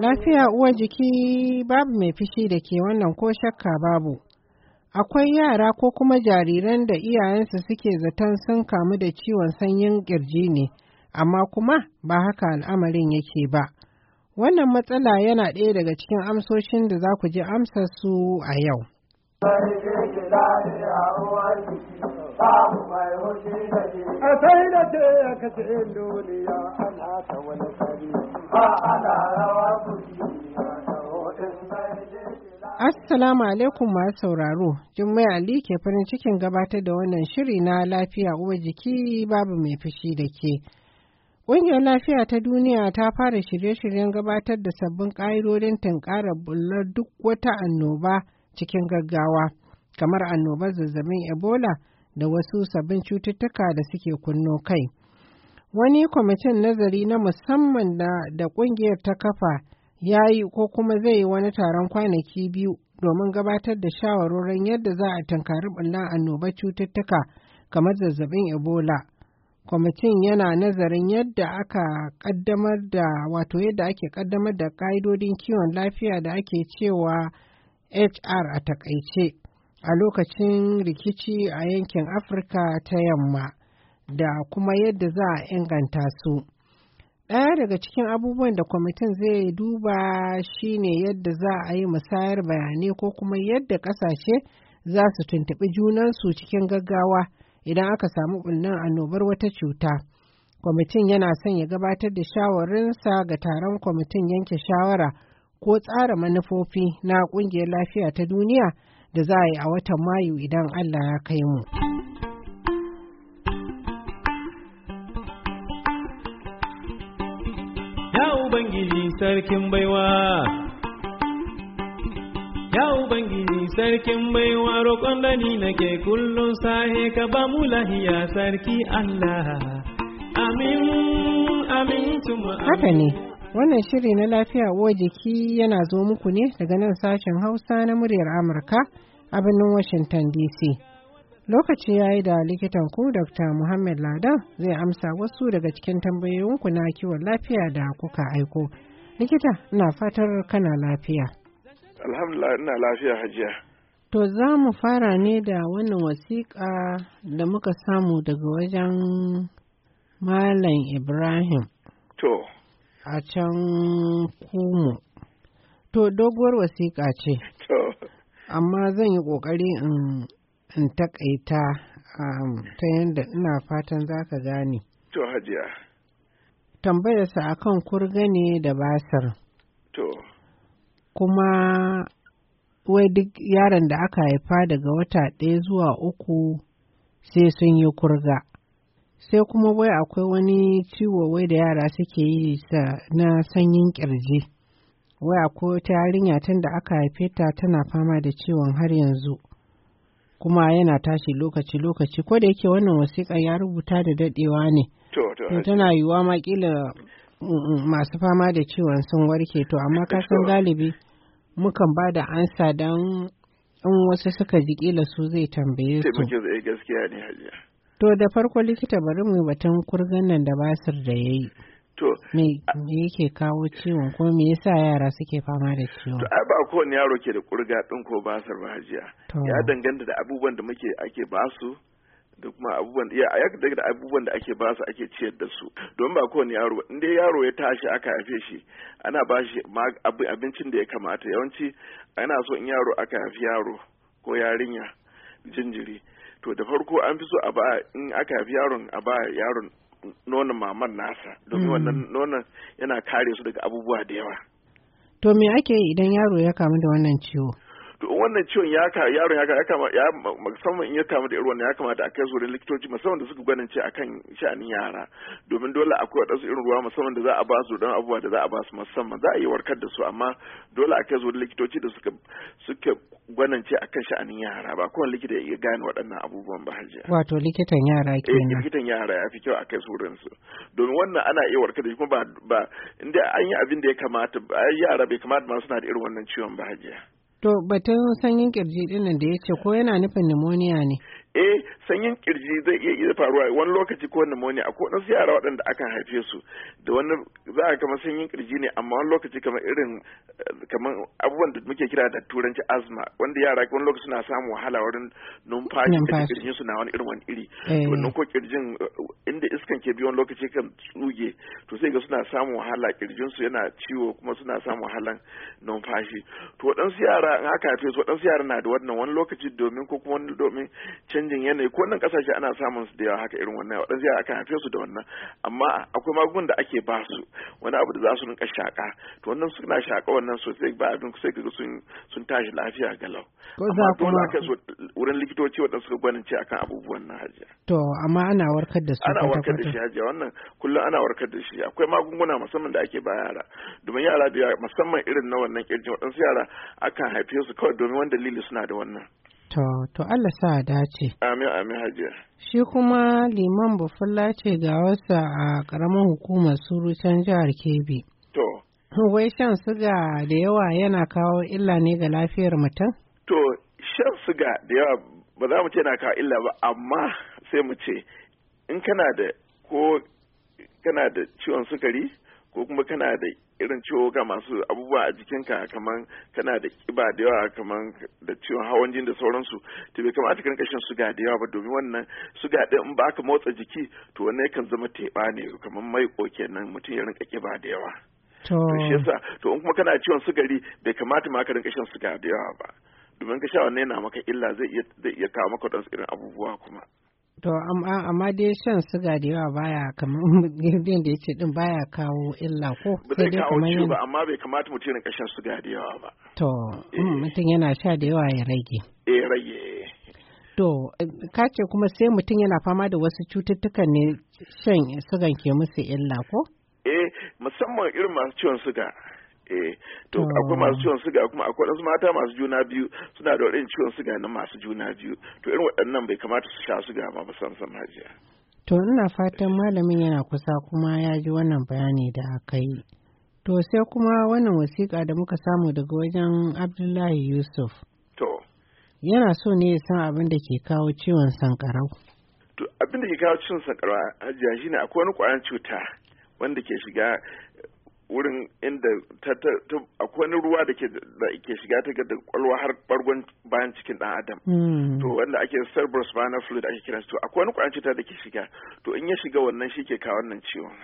Lafiya uwar jiki babu mai fishi da ke wannan ko shakka babu. Akwai yara ko kuma jariran da iyayensu suke zaton sun kamu da ciwon sanyin ƙirji ne, amma kuma ba haka al'amarin yake ba. Wannan matsala yana ɗaya daga cikin amsoshin da za ku ji amsa su a yau. Assalamu alaikum masu sauraro, Jummai Ali ke farin cikin gabatar da wannan shiri na lafiya uwa jiki babu mai fushi da ke. Ƙungiyar lafiya ta duniya ta fara shirye-shiryen gabatar da sabbin ƙa'idodin tunƙara bullar duk wata annoba cikin gaggawa, kamar annobar zazzabin Ebola da wasu sabbin cututtuka da suke kunno kai. Wani kwamitin nazari na musamman da ƙungiyar ta kafa ya yi ko kuma zai yi wani taron kwanaki biyu domin gabatar da shawarorin yadda za a tankari ɓullan annobar cututtuka kamar zazzabin ebola kwamitin yana nazarin yadda aka kaddamar da wato yadda ake kaddamar da ƙa'idodin kiwon lafiya da ake cewa hr a takaice a lokacin rikici a yankin afirka ta yamma da kuma yadda za a inganta su ɗaya daga cikin abubuwan da kwamitin zai duba shine yadda za a yi musayar bayanai ko kuma yadda ƙasashe za su tuntuɓi junansu cikin gaggawa idan aka samu ɓullan annobar wata cuta kwamitin yana son ya gabatar da shawarinsa ga taron kwamitin yanke shawara ko tsara manufofi na ƙungiyar lafiya ta duniya da za a yi a watan Mayu idan Allah ya kai mu. Ya Ubangiji sarkin baiwa. Ya Ubangiji sarkin baiwa roƙon da nake kullum sahe ka ba mu lahiya sarki Allah. Amin, amin, tuma Haka ne. Wannan shiri na lafiya uwa jiki yana zo muku ne daga nan sashen Hausa na muryar Amurka a birnin Washington DC. Lokaci ya yi da likitan ku Dr. Muhammad Ladan zai amsa wasu daga cikin tambayoyinku na kiwon lafiya da kuka aiko. Likita, ina fatar kana lafiya. Alhamdulillah ina lafiya hajiya. To za mu fara ne da wannan wasiƙa da muka samu daga wajen Malam Ibrahim. To. a can kumu. To doguwar wasiƙa ce. Amma zan yi ƙoƙari in taƙaita um, ta yadda ina fatan za ka gane. To hajiya. Tambayarsa akan kurga ne da basar. To. Kuma wai duk yaron da aka haifa daga wata ɗaya zuwa uku sai sun yi kurga. sai kuma wai akwai wani ciwo wai da yara suke yi na sanyin kirji wai akwai wata yarinya tun da aka haife ta tana fama da ciwon har yanzu kuma yana tashi lokaci-lokaci ko da yake wannan wasiƙa ya rubuta da dadewa ne eh, to tana yiwuwa ma mm, mm, masu fama da ciwon sun warke to amma ka san galibi mukan ba da ansa don in wasu suka ji kila su zai tambaye su To da farko likita bari mu batun kurgan nan da basir da ya yi. To. Me yake kawo ciwon ko me yasa yara suke fama da ciwon? To ai ba wani yaro ke da kurga ɗin ko basir ba hajiya. Ya danganta da abubuwan da muke ake basu da kuma abubuwan ya a yadda da abubuwan da ake basu ake ciyar da su don ba kowane yaro in dai yaro ya tashi aka haife shi ana ba shi abincin da ya kamata yawanci ana so in yaro aka haifi yaro ko yarinya jinjiri to da farko an fi so a ba in aka haifi yaron a ba yaron nonon maman nasa domin mm. wannan nonon yana kare su daga abubuwa da yawa to me ake idan yaro ya kamu da wannan ciwo to wannan ciwon ya ka yaron ya ya kama ya musamman in ya kama da irin wannan ya kamata a kai zurin likitoci musamman da suka gwanin ce akan sha'anin yara domin dole akwai wadansu irin ruwa musamman da za a ba su don abubuwa da za a ba su musamman za a yi warkar da su amma dole a kai zurin likitoci da suka suka gwanin ce akan sha'anin yara ba kowane likita ya gane waɗannan abubuwan ba hajiya wato likitan yara eh, kenan eh likitan yara ya fi kyau a kai zurin su domin wannan ana iya warkar da shi kuma ba ba inda an yi abin da ya kamata ba yara bai kamata ma suna da irin wannan ciwon ba hajiya To batun sanyin kirji dinnan da ya ce ko yana nufin pneumonia ne? eh sanyin kirji zai iya iya faruwa wani lokaci ko pneumonia a kodin yara waɗanda akan haife su da wani za a kama sanyin kirji ne amma wani lokaci kamar irin eh, kamar abubuwan da muke kira da turanci asma wanda yara wani lokaci suna samun wahala wurin numfashi da kirjin su na wani irin wani iri eh. wannan ko kirjin eh, inda iskan ke bi wani lokaci kan tsuge to sai ga suna samun wahala kirjin su yana ciwo kuma suna samun wahalan numfashi to waɗansu yara in aka haife su waɗansu yara na da wannan wani lokaci domin ko kuma wani domin canjin yanayi ko nan kasashe ana samun su da yawa haka irin wannan waɗansu ya akan haife su da wannan amma akwai magungunan da ake ba su wani abu da za su rinka shaka to wannan suna shaka wannan sosai ba abin sai ga sun sun tashi lafiya galau amma dole aka so wurin likitoci waɗansu suka gwanin ce akan abubuwan na hajiya to amma ana warkar da su ana warkar da shi hajiya wannan kullum ana warkar da shi akwai magunguna musamman da ake ba yara domin yara da musamman irin na wannan kirjin waɗansu yara akan haife su kawai domin wani dalili suna da wannan To, to Allah sa dace. Amin, amin hajiya. Shi kuma liman bufulla ce ga wasa a ƙaramin hukumar surutan jihar Kebbi. To. Wai shan suga da yawa yana kawo illa ne ga lafiyar mutum? To, shan siga da yawa ba za mu ce na kawo illa ba, amma sai mu ce in kana da ko kana da ciwon sukari ko kuma kana da irin ga masu abubuwa a jikinka kamar kana da kiba da yawa kamar da ciwon hawan jini da sauransu to bai kamata ka shan suga da yawa ba domin wannan suga din in ba ka motsa jiki to wannan yakan zama teɓa ne kamar mai nan mutum ya rinka kiba da yawa to shi yasa to in kuma kana ciwon sugari bai kamata ma ka rinka shan suga da yawa ba domin ka sha wannan yana maka illa zai iya kawo maka irin abubuwa kuma To amma dai shan siga da yawa baya kamar yadda da yace din baya kawo illa ko sai dai kamar yin. ba amma bai kamata mutum rinka shan siga da yawa ba. To eh. mm, mutum yana sha da yawa ya rage. Eh rage. Eh. To ka ce kuma sai mutum yana fama da wasu cututtukan ne shan sigan ke musu illa ko? Eh musamman irin masu ciwon siga. eh to oh. akwai masu ciwon suga kuma akwai wasu mata masu juna biyu suna da wadannan ciwon suga na masu juna biyu to irin waɗannan bai kamata su sha suga ma ba san san hajiya to ina fatan malamin yana kusa kuma ya ji wannan bayani da aka yi to sai kuma wannan wasiƙa da muka samu daga wajen Abdullahi Yusuf to yana so ne ya san abin da ke kawo ciwon sankarau to abin da ke kawo ciwon sankarau hajiya shine akwai wani ƙwayar cuta wanda ke shiga wurin inda ta ta akwai wani ruwa da ke da ke shiga ta da kwalwa har bargon bayan cikin dan adam hmm. to wanda ake cerebral spinal fluid ake kiransu to akwai wani kwanci ta da ke shiga to in ya shiga wannan shi ke ka wannan ciwon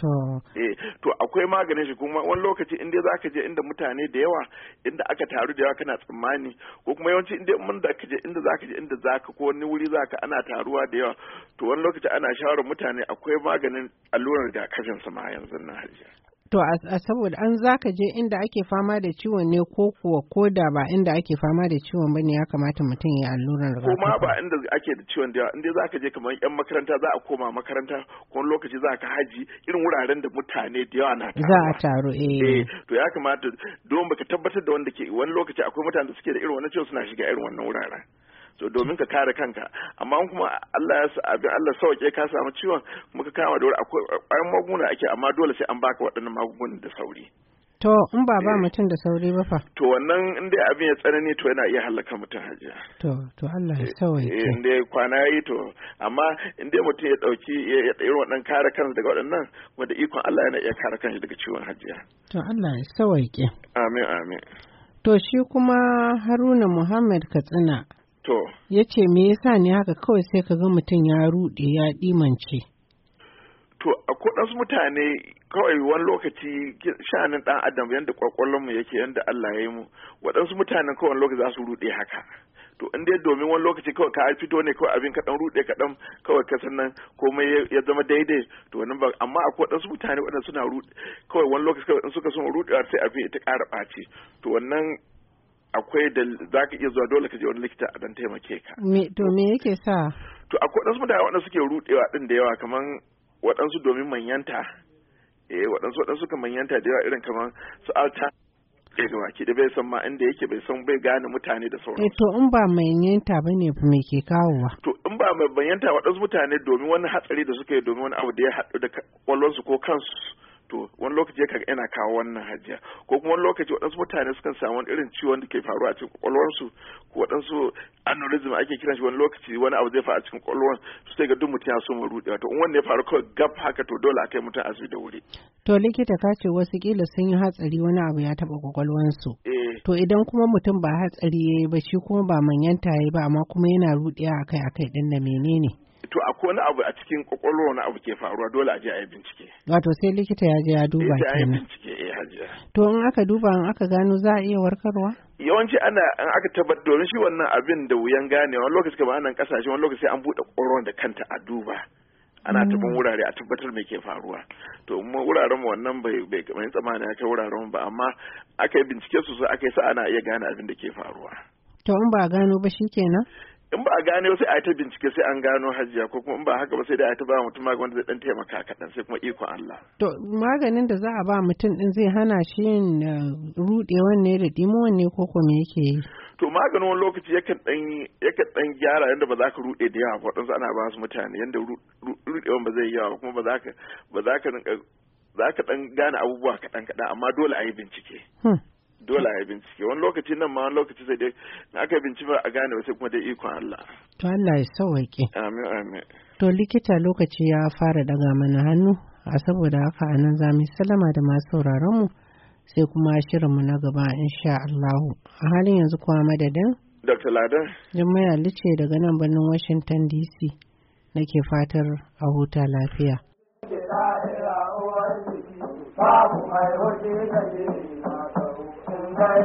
To. Eh, to akwai maganin shi kuma wani lokaci inda za ka je inda mutane da yawa inda aka taru da yawa kana tsammani ko kuma yawanci inda mun da ka je inda za ka je inda za ka ko wani wuri za ka ana taruwa da yawa to wani lokaci ana shawarar mutane akwai maganin allurar da kajin ma yanzu na hajiya. To a saboda an zaka je inda ake fama da ciwon ne ko kuwa ko da ba inda ake fama da ciwon bane ya kamata mutum ya alluran rigakafi. Kuma ba inda ake da ciwon da inda zaka je kamar yan makaranta za a koma makaranta ko lokaci za ka haji irin wuraren da mutane da yawa na taruwa. Za a taru eh. eh to ya kamata don baka tabbatar da wanda ke wani lokaci akwai mutane da suke da irin wannan ciwon suna shiga irin wannan wuraren. to domin ka kare kanka amma kuma Allah ya sa abin Allah sauke ka samu ciwon kuma ka kama da wuri akwai magunguna ake amma dole sai an baka waɗannan magungunan da sauri to in ba ba eh. mutum da sauri ba fa to wannan in dai abin ya tsanani to yana iya halaka mutum hajiya to to Allah ya eh, sauke eh, in dai kwana yi to amma in dai mutum ya dauki ya irin waɗannan kare kansa daga waɗannan wanda ikon Allah yana iya kare kansa daga ciwon hajiya to Allah ya sauke amin amin To shi kuma Haruna Muhammad Katsina To. Ya ce me yasa ne haka kawai sai ka ga mutum ya ruɗe ya ɗimance. To a kudansu mutane kawai wani lokaci sha'anin ɗan adam yadda mu yake yadda Allah ya yi mu waɗansu mutanen kawai wani lokaci za su ruɗe haka. to in dai domin wani lokaci kawai ka fito ne kawai abin kaɗan ruɗe kaɗan kawai ka sannan komai ya zama daidai to wannan ba amma a waɗansu mutane waɗanda suna ruɗe kawai wani lokaci kawai in suka son ruɗewa sai abin ita ƙara ɓaci to wannan akwai da za ka iya zuwa dole ka je wani likita a dan taimake ka. To me yake sa? To akwai waɗansu mutane waɗanda suke rudewa ɗin da yawa kamar waɗansu domin manyanta. Eh waɗansu waɗansu kan manyanta da yawa irin kamar su alta. Eh ga baki da bai san ma inda yake bai san bai gane mutane da sauran. Eh to in ba manyanta ba ne me ke kawowa? To in ba manyanta waɗansu mutane domin wani hatsari da suke domin wani abu da ya haɗu da kwallonsu ko kansu. to wani lokaci yakan yana kawo wannan hajiya ko kuma wani lokaci waɗansu mutane sukan samu wani irin ciwon da ke faruwa a cikin kwakwalwarsu ko waɗansu aneurysm ake kiran shi wani lokaci wani abu zai faru a cikin kwakwalwar su sai ga duk mutum ya so mu rudewa to in wanda ya faru kawai gab haka to dole a kai mutum asibiti da wuri. to likita ka ce wasu kila sun yi hatsari wani abu ya taɓa kwakwalwarsu. Eh. to idan kuma mutum ba hatsari ya yi ba shi kuma ba manyan ya ba amma kuma yana rudewa akai-akai ɗin da menene. to akwai wani abu a cikin kwakwalwa wani abu ke faruwa dole a je a yi bincike. Wato sai likita ya je ya duba kenan. nan. bincike eh hajiya. To in aka duba in aka gano za a iya warkarwa? Yawanci ana in aka tabbatar domin shi wannan abin da wuyan gane wani lokaci kamar nan kasashe wani lokaci an buɗe kwakwalwar da kanta a duba. ana mm. taban wurare a tabbatar me ke faruwa to mu wuraren wannan bai bai kamar tsamani ya wuraren ba amma aka yi bincike sosai aka yi sa ana iya gane abin da ke faruwa to in ba gano ba shi kenan? in ba a gane sai a ta bincike sai an gano hajiya ko kuma in ba haka ba sai da a ta ba mutum magani zai dan taimaka kaɗan sai kuma iko Allah. To maganin da za a ba mutum din zai hana shi yin uh, rude wanne da dimuwan ne ko kuma yake yi. To maganin wani lokaci yakan dan yakan dan gyara yadda ba za ka rude da yawa ba ana ba su mutane yadda rudewan ba zai yi yawa kuma ba za ka ba za ka za ka dan gane abubuwa kaɗan kaɗan amma dole a yi bincike. Hmm. dole a bincike wani lokaci nan ma wani lokaci sai dai na aka binci ba a gane sai kuma dai ikon Allah to Allah ya sauwaƙe amin amin to likita lokaci ya fara daga mana hannu a saboda haka a nan za mu salama da masu sauraron mu sai kuma shirinmu na gaba insha Allah a halin yanzu kuma madadin Dr. Ladan Jummai Ali ce daga nan birnin Washington DC nake fatar a huta lafiya Babu mai waje da a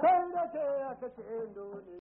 san da ke ya kace dole